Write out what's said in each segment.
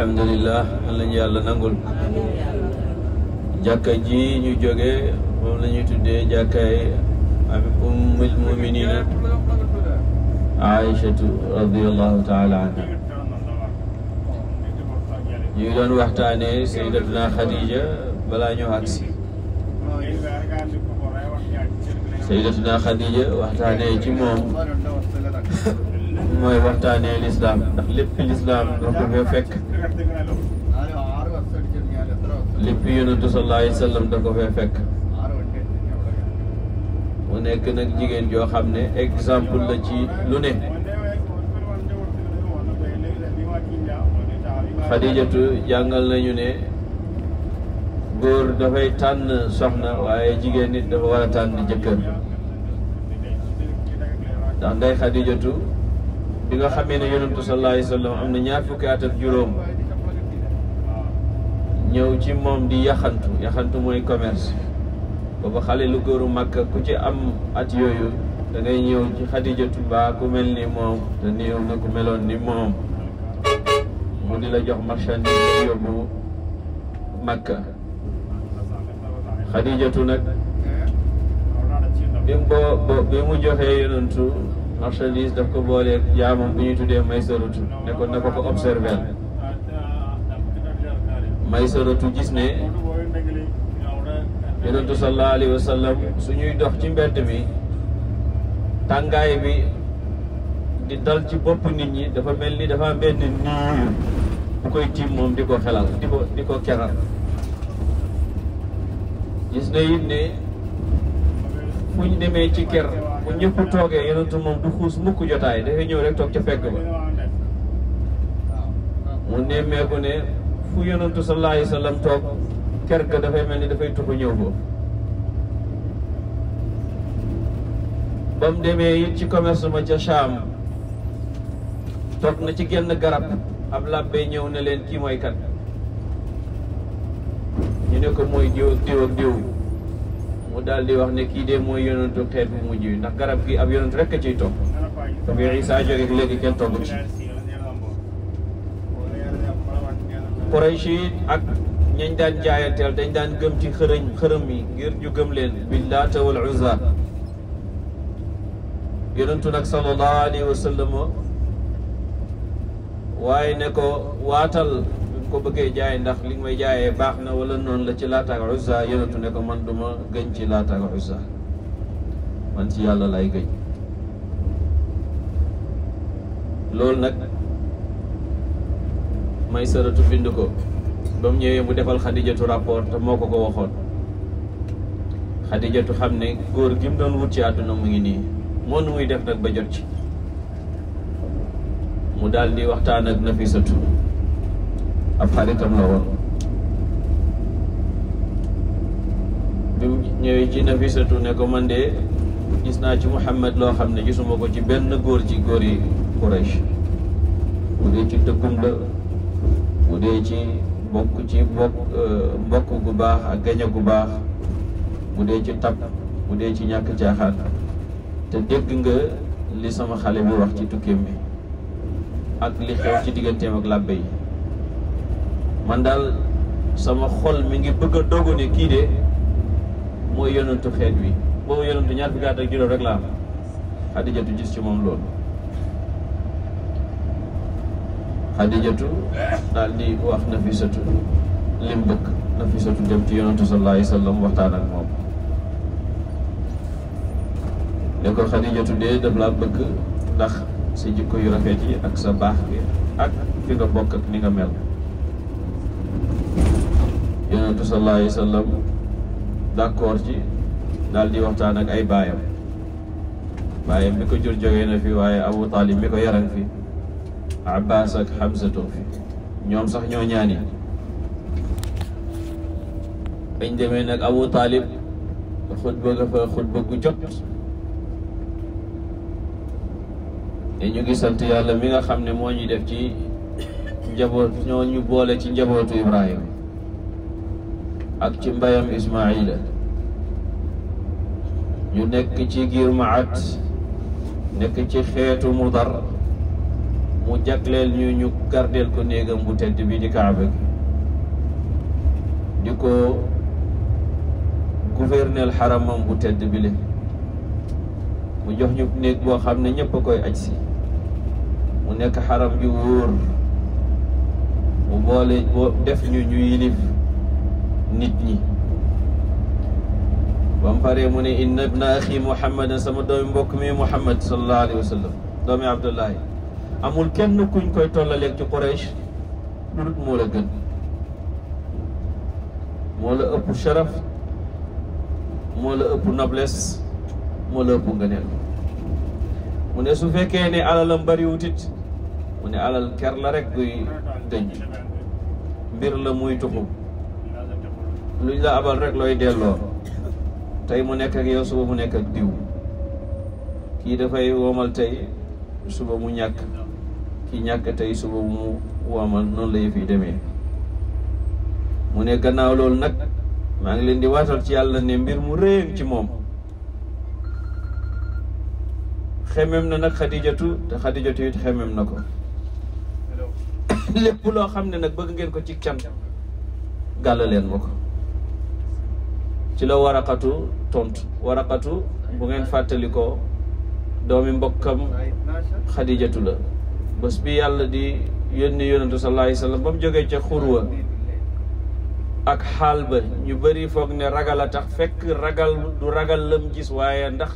alhamdulilah am nañu yàlla nangul jàkka ji ñu jógee moom la ñuy tuddee jàkkaay am ummil muminina aïchatu radiallahu taala anha ñu ngi doon waxtaanee sayyidatuna Khadija balaa ñoo agsi sayyidatuna Khadija waxtaanee ci moom mooy waxtaanee lislaam ndax lépp lislaam nga ko fee fekk lépp yonentu sallallahu wa sallam da ko fee fekk mu nekk nag jigéen joo xam ne exemple la ci lu ne xadijatu jàngal nañu ne góor dafay tànn soxna waaye jigéen nit dafa war a tànn jëkkër ndax ndey xadijatu bi nga xamee ne yonentu sallallahu alayhi wa sallam am na ñaar fukki at ak juróom ñëw ci moom di yaxantu yaxantu mooy commerce booba xale lu góoru Makka ku ci am at yooyu dangay ngay ñëw ci Xadijatu ba ku mel ni moom te néew nga ku meloon ni moom mu di la jox marchandise yóbbu Makka Xadijatu nag bi mu boo bi mu joxee yonentu marchandise daf ko booleeg jaamam bu ñuy tuddee Maysaratu ne ko na ko ko observer Maysaratu gis ne yonentu sallallahu alayhi wa sallam suñuy dox ci mbedd mi tàngaay bi di dal ci bopp nit ñi dafa mel ni dafa benn niir bu koy tiim moom di ko xelal di ko di ko keral gis na it ne fu ñu demee ci ker bu ñëpp toogee yonentu moom bu xuus mukk jotaay dafay ñëw rek toog ca fekk ba mu nemmeeku ne fu yonentu sallallahu alayhi wa sallam toog ker ga dafay mel ni dafay tuxu ñëw ko ba demee it ci commerce ma ca Cham toog na ci genn garab ab làbbee ñëw ne leen kii mooy kat ñu ne ko mooy diw diw ak diw mu daal di wax ne kii de mooy yonentu xeet bu mujj yi gi ab yonent rek a ciy topp te bi Isa jógee kenn togg ci Quraysh yi ak ñañ daan jaayanteel dañ daan gëm ci xërëñ xërëm yi ngir ñu gëm leen billaata wal uzza ko bëggee jaay ndax li may jaayee baax na wala noonu la ci laataak uzza yonentu ne ko man duma gëñ ci laataak uzza man ci yàlla lay gëñ loolu nag may saratu bind ko ba mu ñëwee mu defal xadijatu rapport moo ko ko waxoon xadijatu xam ne góor gi mu doon wut ci àdduna mu ngi nii moo nu muy def nag ba jot ci mu daal di waxtaan ak nafisatu ab xaritam la woon bi ñëwee ci nafisatu ne ko man de gis naa ci Muhammad loo xam ne gisuma ko ci benn góor ci góor yi Quraysh bu dee ci dëkkum la bu dee ci bokk ci bokk euh, mbokk gu baax ak gañe gu baax bu dee ci tab bu dee ci ñàkk jaaxaan te dégg nga li sama xale bi wax ci tukkeem bi ak li xew ci digganteem ak làbbe yi man daal sama xol mi ngi bëgg a dogu ne kii de mooy yonentu xeet bi boobu yonentu ñaar fukki at ak juróom rek la am xadijatu gis ci moom loolu xadijatu daal di wax nafisatu lim bëgg nafisatu dem ci yonentu sallallahu alayhi wa sallam waxtaan ak moom ne ko xadijatu dee daf laa bëgg ndax sa jikko yu rafet yi ak sa baax ak fi nga bokk ak ni nga mel yonentu sallallahu alayhi wa sallam d'accord ci daal di waxtaan ak ay baayam baayam mi ko jur na fi waaye Abu Talib mi ko yaran fi Abbas ak Hamza toog fi ñoom sax ñoo ñaani bañ demee nag Abu Talib xutba nga ñu ngi sant yàlla mi nga xam ne moo ñu def ci njaboot ñoo ñu boole ci njabootu Ibrahima ak ci mbayam Ismaila ñu nekk ci giir maat nekk ci xeetu mudar mu jagleel ñu gardeel ko néegam bu tedd bi di kaaba gi di ko gouverneel xaramam bu tedd bi le mu jox ñu néeg boo xam ne ñëpp koy aj si mu nekk xaram ju wóor mu boole def ñu ñu yilif nit ñi ba mu paree mu ne inna ibna axi muhammadan sama doomi mbokk mi muhammad sallallahu alayhi wa sallam doomi abdullahi amul kenn kuñ koy tollaleeg ci quraish moo la gën moo la ëpp sharaf moo la ëpp noblesse moo la ëpp ngëneel mu ne su fekkee ne alalam bariwut it mu ne alal ker la rek guy dëñ mbir la muy tuxu luñ la abal rek looy delloo tey mu nekk ak yow suba mu nekk ak diw kii dafay womal tey suba mu ñàkk kii ñàkk tey suba mu womal noonu la yëf demee mu ne gannaaw loolu nag maa ngi leen di waatal ci yàlla ne mbir mu réen ci moom xemem na nag xadijatu te xadijatu it na ko lépp loo xam ne nag bëgg ngeen ko ci cant gàll leen ma ko ci la waraqatu tontu waraqatu bu ngeen fàttalikoo doomi mbokkam xadijatu la bés bi yàlla di yónni yonentu sallallahu alayhi wa sallam ba mu jógee ca xurwa ak xaal ba ñu bëri foog ne ragal a tax fekk ragal du ragal lam gis waaye ndax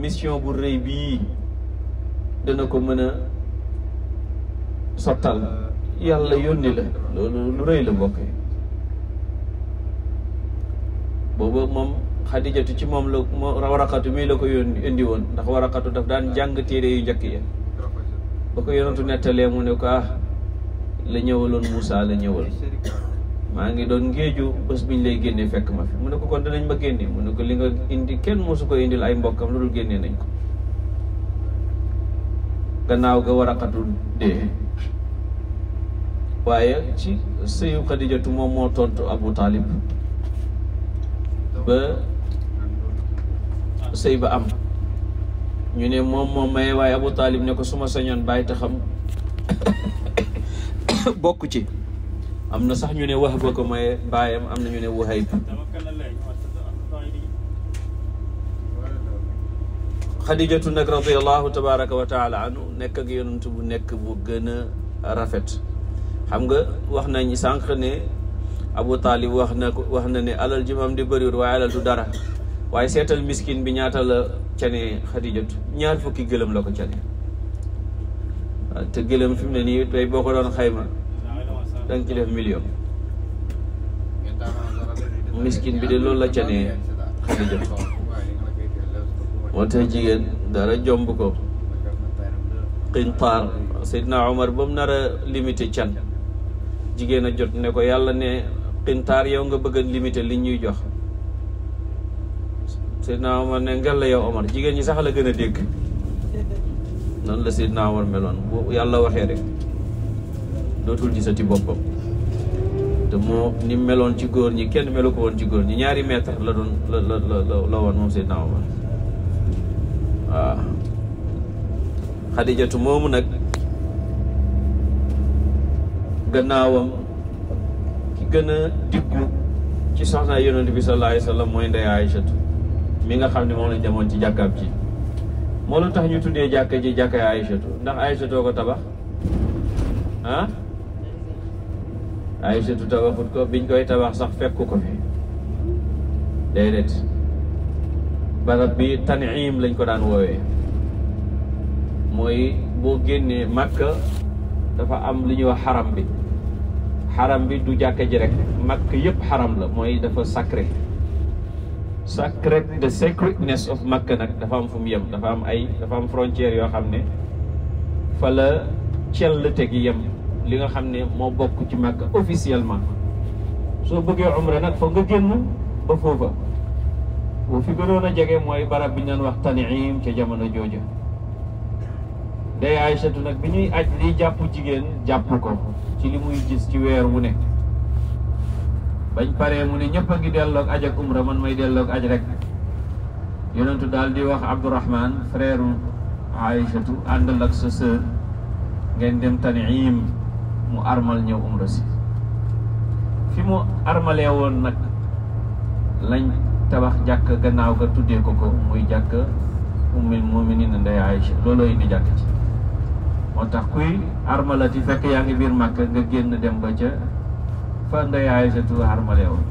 mission bu rëy bii dina ko mën a sottal yàlla yónni la loolu lu rëy la mbokk boobu moom xadijatu ci moom la waraqatu mii la ko yónni indi woon ndax waraqatu daf daan jàng téere yu njëkk ya ba ko yonentu nettalee mu ne ko ah la ñëwaloon Moussa la ñëwal maa ngi doon ngéeju bés biñ lay génnee fekk ma fi mu ne ko kon danañ ma génne mu ne ko li nga indi kenn mosu ko indil ay mbokkam loolu génne nañ ko gannaaw ga waraqatu dee waaye ci sëyu xadijatu moom moo tontu Abu Talib ba sëy ba am ñu ne moom moom maye waaye Abu Taalib ne ko suma señoon bàyyi te xam bokk ci am na sax ñu ne wax ba ko maye baayam am na ñu ne Wuhayb xadijatu nag radiallahu tabaraka wa taala anhu nekk ak yonent bu nekk bu gën rafet xam nga wax nañ sànq ne Abu Talib wax na ko wax na ne alal ji di bëriwul waaye alal du dara waaye seetal miskin bi ñaata la cane Xadijat ñaar fukki gëlëm la ko cane ah, te gëlëm fi mu ne nii tey boo ko doon xayma danga ci million miskin bi de loolu la cane Xadijat moo tax jigéen dara jomb ko qintaar Seydina Omar ba mu nar a can jigéen a jot ne ko yàlla ne xintaar yow nga bëgg a limité li ñuy jox Seydina Omar ne ngel la Omar jigéen ñi sax la gën a dégg noonu la Seydina Omar meloon bu yàlla waxee rek dootul gisati boppam te moo ni meloon ci góor ñi kenn melu ko woon ci góor ñi ñaari mètre la doon la la la woon moom Seydina Omar waaw xadijatu moomu nag gannaawam gën a diggu ci soxna yonent bi sallallahu alayhi wa sallam mooy ndey Aïchatu mi nga xam ne moom lañ demoon ci jàkkaab ji moo lu tax ñu tuddee jàkka ji jàkka Aïchatu ndax Aïchatu ko tabax ah Aïchatu tabaxut ko biñ koy tabax sax fekku ko fi déedéet barab bi Tan'im lañ ko daan woowee mooy boo génnee Makka dafa am li ñuy wax xaram bi xaram bi du jàkka ji rek makk yëpp xaram la mooy dafa sacré sacré the sacredness of makk nag dafa am fu yem dafa am ay dafa am frontière yoo xam ne fa la cellte gi yem li nga xam ne moo bokk ci makk officiellement soo bëggee umra nag fa nga génn ba foofa boo fi gënoon a jege mooy barab bi ñu doon wax Tan'im ca jamono jooja day Aysatu nag bi ñuy aj liy jàpp jigéen jàpp ko ci li muy gis ci weer wu nekk bañ paree mu ne ñëpp a ngi delloog aj ak umra man may dellook aj rek yonentu daal di wax Abdourahman freeru Aysatu àndal ak sa sœur ngeen dem Tan'im mu armal ñëw umra si fi mu armalee woon nag lañ tabax jàkk gannaaw ga tuddee ko ko muy jàkk ummul mu'minin Ndeye Aïcha looloo indi jàkk ci moo tax kuy armalati fekk yaa ngi biir makk nga génn dem ba ca fa ndey Aysatu armale woon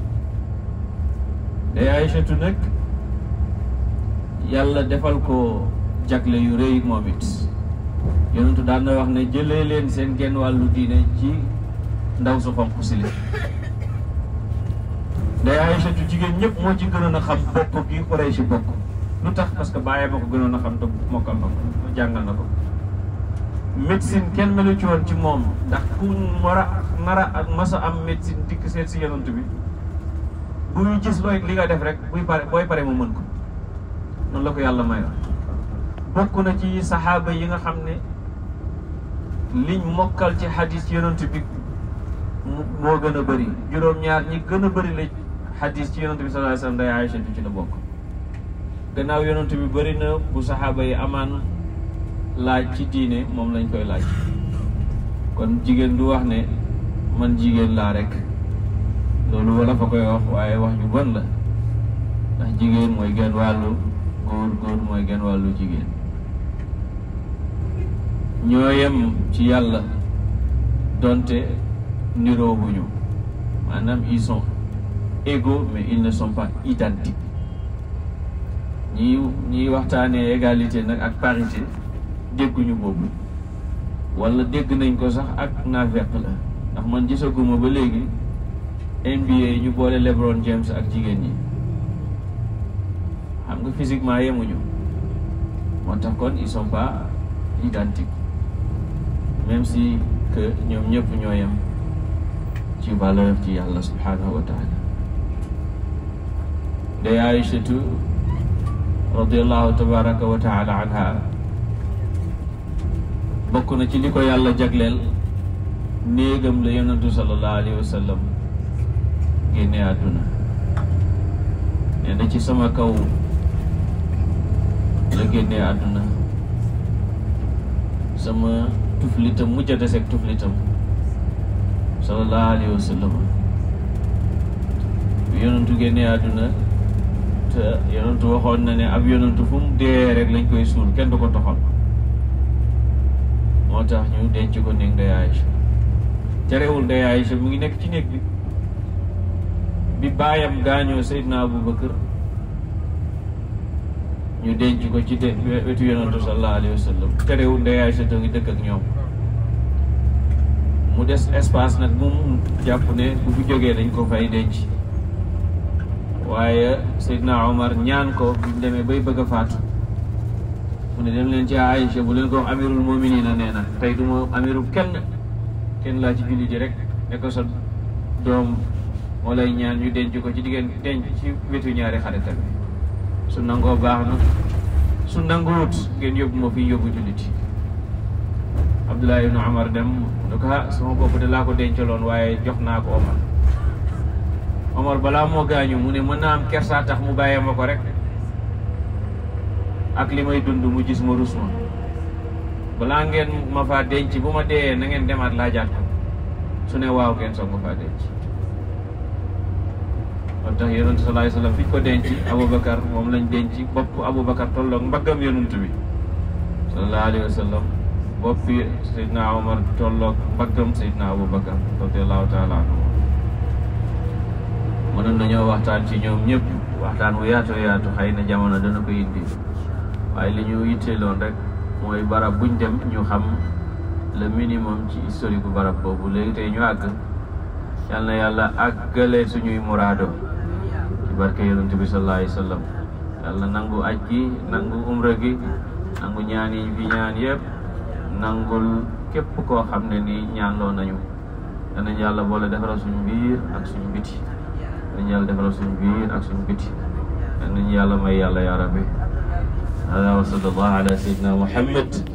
Aysatu nag yàlla defal ko jagle yu rëy moom it yonentu daan na wax ne jële leen seen genn wàllu diine ci ndaw su xonq si li Aysatu jigéen ñëpp moo ci gënoon a xam bokk gi Quraysh bokk lu tax parce que bàyyee ma ko gënoon a xam te mokkal na ko jàngal na ko médecine kenn melu ci woon ci moom ndax ku mara nara ak masa am médecine dikk seet si yonent bi buy gis looy li nga def rek buy pare booy pare mu mën ko noonu la ko yàlla may bokk na ci saxaaba yi nga xam ne liñ mokkal ci xadis yonent bi gën a bëri juróom-ñaar ñi gën a bëri la xadis ci yonent bi sallallahu alayhi wasallam day Aïcha ci la bokk gannaaw yonent bi bëri na bu saxaaba yi amaan laaj ci diine moom lañ koy laaj kon jigéen du wax ne man jigéen laa rek loolu wala fa koy wax waaye wax ju bon la ndax jigéen mooy genn wàllu góor góor mooy genn wàllu jigéen ñoo yem ci yàlla donte niroo bu ñu maanaam ils sont égaux mais ils ne sont pas identiques ñi waxtaanee égalité nag ak parité dégguñu boobu wala dégg nañ ko sax ak naafeq la ndax man gisaguma ba léegi NBA ñu boole LeBron James ak jigéen ñi xam nga physiquement yemuñu moo tax kon ils sont pas identiques même si que ñoom ñëpp ñoo yem ci valeur ci yàlla subhanahu wa taala day Aïchatu tabaraka wa taala anha bokk na ci li ko yàlla jagleel néegam la yonentu sallallahu alayhi wa sallam génne àdduna nee na ci sama kaw la génne àdduna sama tuflitam mujj a deseeg tuflitam sallallahu alayhi wa sallam bi génne àdduna te yonentu waxoon na ne ab yonentu fu mu dee rek lañ koy suul kenn du ko toxal moo tax ñu denc ko néeg ndey Aïcha terewul ndey Aïcha mu ngi nekk ci néeg bi bi baayam gaañoo Seydina Aboubacar ñu denc ko ci wetu yonantu sallallahu alayhi wa terewul ndey Aïcha te ngi dëkk ak ñoom mu des espace nag moom jàpp ne bu fi jógee dañ ko fay denc waaye Seydina Omar ñaan ko bu demee bay bëgg a faatu mu ne dem leen ci Aïcha bu leen ko wax amirul muminina nee na tey du ma amirul kenn kenn laa ci julli ji rek ne ko sa doom moo lay ñaan yu denc ko ci diggéen denc ci wetu ñaari xaritam su nangoo baax na su nanguwut ngeen yóbbu ma fi yóbbu julliti Abdullahi ibnu Omar dem mu ah sama bopp de laa ko dencaloon waaye jox naa ko Omar balaa moo gaañu mu ne mën naa am kersaa tax mu bàyyee ma ko rek ak li may dund mu gis ma rus ma balaa ngeen ma faa denc bu ma dee na ngeen demaat laa ko su ne waaw ngeen soog ma faa denc moo tax yonent salaay fi ko denc Aboubacar moom lañ denc bopp Aboubacar tolloog mbaggam yonent bi sallallahu alayhi wa sallam bopp Seydina Omar tolloog mbaggam Seydina Aboubacar radiallahu taala waxtaan ci ñoom ñëpp waxtaan wu yaatoo yaatu xëy na jamono dana ko indi waaye li ñu loon rek mooy barab buñ dem ñu xam le minimum ci historique bu barab boobu léegi tey ñu àgg yal na yàlla àggale suñuy muraado ci barke yonent bi sallallahu alayhi wa sallam yàlla nangu aj gi nangu umra gi nangu ñaan yi fi ñaan yëpp nangul képp koo xam ne ni ñaanloo nañu danañ yàlla boole defaral suñu biir ak suñu biti danañ yàlla defaral suñu biir ak suñu biti danañ yàlla may yàlla yaa rabbi هذا وصلى الله على سيدنا محمد